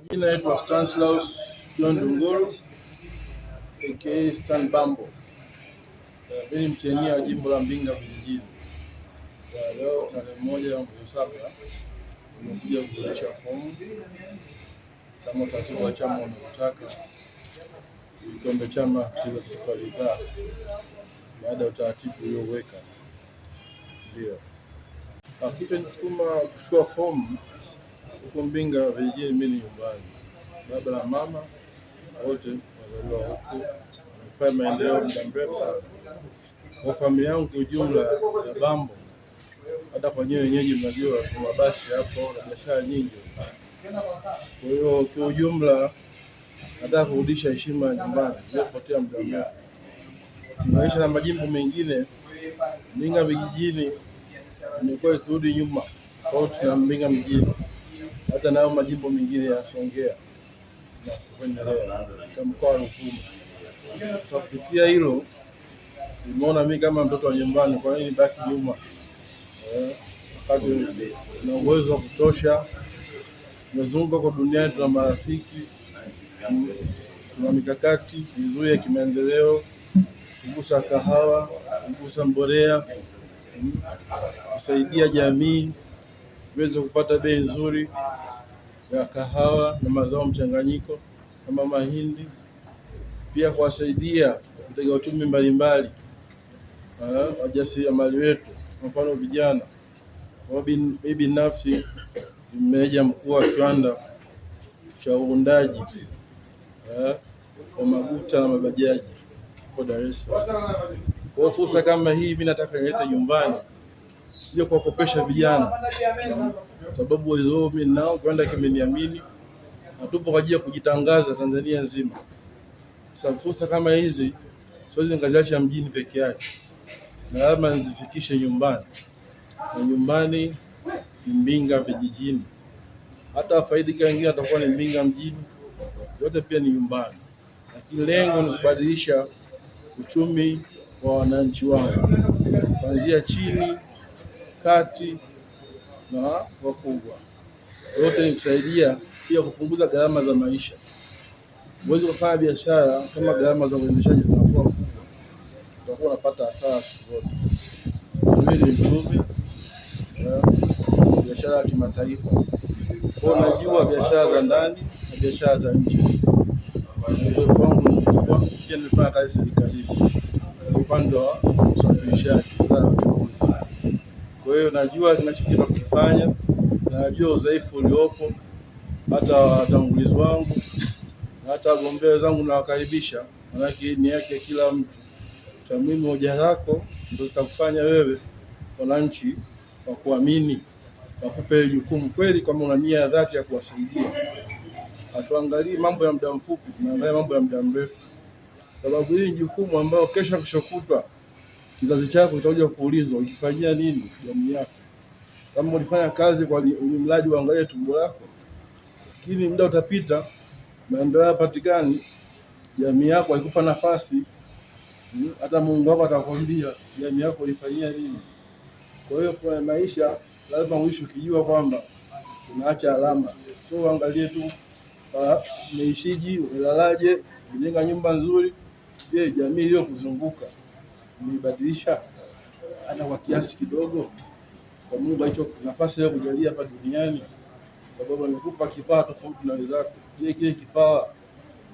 Majina yetu Stanislaus John Dunguru aka Stan Bambo, eh, mimi msanii wa jimbo la Mbinga vijijini. Leo tarehe moja ya mwezi saba nimekuja kuulisha fomu kama utaratibu wa chama unavyotaka, ili chama kiweze kutupa ridhaa baada ya utaratibu ulioweka. Ndio ah, kitu nisukuma kuchukua fomu huko Mbinga vijijini, mimi ni nyumbani, baba na mama wote wazaliwa huku, amefanya maendeleo muda mrefu sana kwa familia yangu kiujumla ya Bambo. Hata kwa nyewe wenyeji mnajua kuna mabasi hapo na biashara nyingi, kwa hiyo kiujumla nataka kurudisha heshima ya nyumbani iliyopotea muda mrefu. Maisha na majimbo mengine, Mbinga vijijini imekuwa ikirudi nyuma tofauti na Mbinga mjini hata nayo majimbo mengine ya Songea na kuendelea mkoa wa Ruvuma. hilo nimeona mimi kama mtoto wa nyumbani, kwa nini baki nyuma eh, wakati na uwezo wa kutosha. Tumezunguka kwa duniani, tuna marafiki, tuna mikakati mizuri ya kimaendeleo, kugusa kahawa, kugusa mborea, kusaidia jamii tuweze kupata bei nzuri ya kahawa na mazao mchanganyiko kama mahindi, pia kuwasaidia kutega uchumi mbalimbali ah, wajasiriamali wetu, kwa mfano vijana. Mimi binafsi ni meneja mkuu wa kiwanda cha uundaji ah, wa maguta na mabajaji huko Dar es Salaam. Kwa fursa kama hii, mimi nataka nilete nyumbani sija kuwakopesha vijana, sababu uwezo wao mimi nao, kiwanda kimeniamini na tupo kwa ajili ya kujitangaza Tanzania nzima. Sasa fursa kama hizi siwezi nikaziacha mjini peke yake, na lazima nizifikishe nyumbani, na nyumbani ni Mbinga vijijini. Hata wafaidika wengine watakuwa ni Mbinga mjini, yote pia ni nyumbani, lakini lengo ni kubadilisha uchumi wa wananchi wangu kuanzia chini kati na wakubwa, yote ni kusaidia pia kupunguza gharama za maisha. Huwezi kufanya biashara kama gharama za uendeshaji zinakuwa kubwa, utakuwa unapata hasara siku zote. Mimi ni mchumi, eh, biashara ya kimataifa, kwa najua biashara za ndani na biashara za nje. Uzoefu wangu mkubwa, pia nimefanya kazi serikalini upande wa usafirishaji, wizara uchukuzi kwa hiyo najua kinachokipa kukifanya, najua udhaifu uliopo, hata watangulizi wangu na hata wagombea wenzangu nawakaribisha, manake ni yake kila mtu. Cha muhimu hoja zako ndio zitakufanya wewe wananchi wakuamini, wakupe jukumu kweli, kama una nia ya dhati ya kuwasaidia. Hatuangalii mambo ya muda mfupi, tunaangalia mambo ya muda mrefu, sababu hii ni jukumu ambayo kesho keshokutwa kizazi chako utakuja kuulizwa ukifanyia nini jamii yako. Kama ulifanya kazi kwa mradi uangalie tumbo lako, lakini muda utapita, maendeleo yapatikani jamii yako haikupa nafasi. Hmm, hata Mungu wako atakwambia jamii yako ulifanyia nini. Kwa hiyo kwa maisha lazima uishi ukijua kwamba unaacha alama, so uangalie tu ah, umeishiji, umelalaje, umejenga nyumba nzuri, je, jamii iliyokuzunguka umeibadilisha hata kwa kiasi kidogo, kwa Mungu hicho nafasi ya kujalia hapa duniani, sababu amekupa kipawa tofauti na wenzako. Kile kile kipawa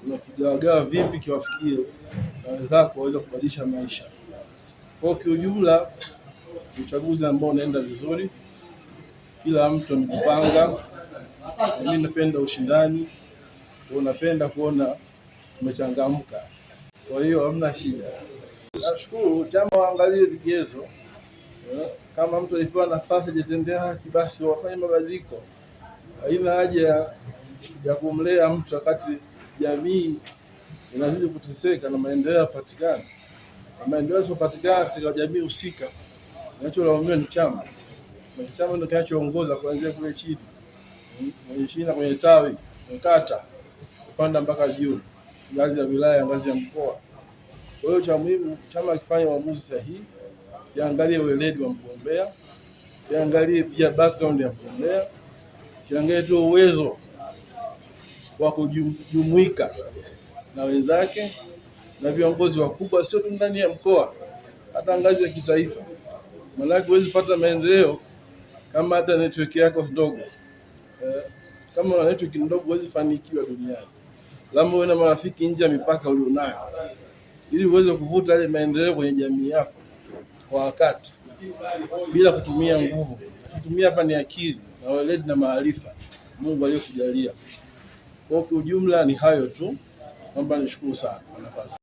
unakigawagawa vipi kiwafikie na wenzako waweze kubadilisha maisha kwa kiujumla? Uchaguzi ambao unaenda vizuri, kila mtu amejipanga. Mimi napenda ushindani, napenda kuona umechangamka, kwa hiyo hamna shida. Nashukuru chama waangalie vigezo, eh, kama mtu alipewa nafasi ajitendea haki, basi wafanye mabadiliko. Haina haja ya kumlea mtu wakati jamii inazidi kuteseka na maendeleo yapatikana, na maendeleo yasipopatikana katika jamii husika, kinacholaumiwa ni chama, chama ndio kinachoongoza kuanzia kule chini kwenye shina, kwenye tawi, kwenye kata, kupanda mpaka juu, ngazi ya wilaya, ngazi ya mkoa. Kwa hiyo cha muhimu chama kifanye uamuzi sahihi, kiangalie weledi wa mgombea, kiangalie pia background ya mgombea, kiangalie tu uwezo wa kujumuika na wenzake na viongozi wakubwa, sio tu ndani ya mkoa, hata ngazi ya kitaifa. Maanake huwezi pata maendeleo kama hata network yako ndogo. Eh, kama una network ndogo huwezi fanikiwa duniani. Lazima uwe na marafiki nje ya mipaka ulionayo ili uweze kuvuta yale maendeleo kwenye jamii yako kwa wakati bila kutumia nguvu. Kutumia hapa ni akili na weledi na maarifa Mungu aliyokujalia. Kwa ujumla ni hayo tu, naomba nishukuru sana kwa nafasi.